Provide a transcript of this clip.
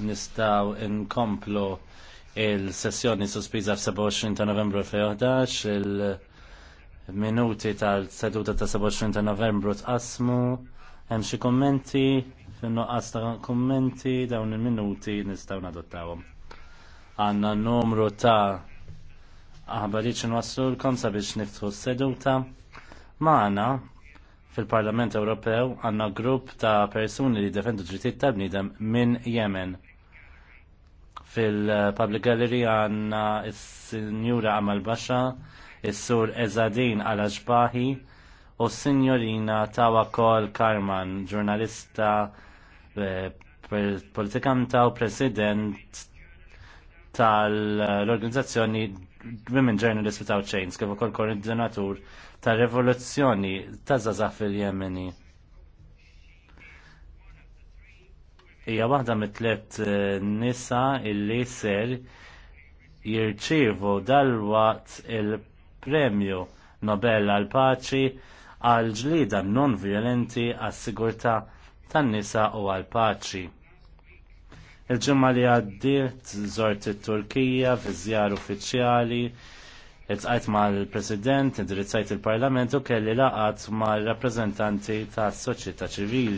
nistaw inkomplu il-sessjoni sospiża f-27 ta' novembru 2011, il-minuti tal-seduta ta' 27 ta' novembru tqasmu, hemm xi kummenti, fin-nuqqas ta' kommenti dawn il-minuti nistgħu nadottawhom. Għanna n-numru ta' aħbarijiet waslu l-kom sabiex niftħu s-seduta. Maħna, fil-Parlament Ewropew għandna grupp ta' persuni li defendu drittijiet ta' bniedem minn Yemen. Fil-Public Gallery għandna s-Sinjura Amal Basha, is-Sur Ezadin Al Ajbahi u s-Sinjorina Tawakol Karman, ġurnalista eh, politikanta u president tal-organizzazzjoni Women Journalists Without Chains, kif ukoll koordinatur tar rivoluzzjoni ta' Zaza fil-Jemeni. Hija waħda mit-tliet eh, nisa illi ser jirċievu dalwaqt il-premju Nobel għal paċi għal ġlida non-violenti għas-sigurtà tan-nisa u għal paċi. Il-ġimma li għaddiet zort il-Turkija fi żjar uffiċjali, il-tqajt mal-President, indirizzajt il-Parlament u kelli laqat mal-rappresentanti tas soċjetà ċivili.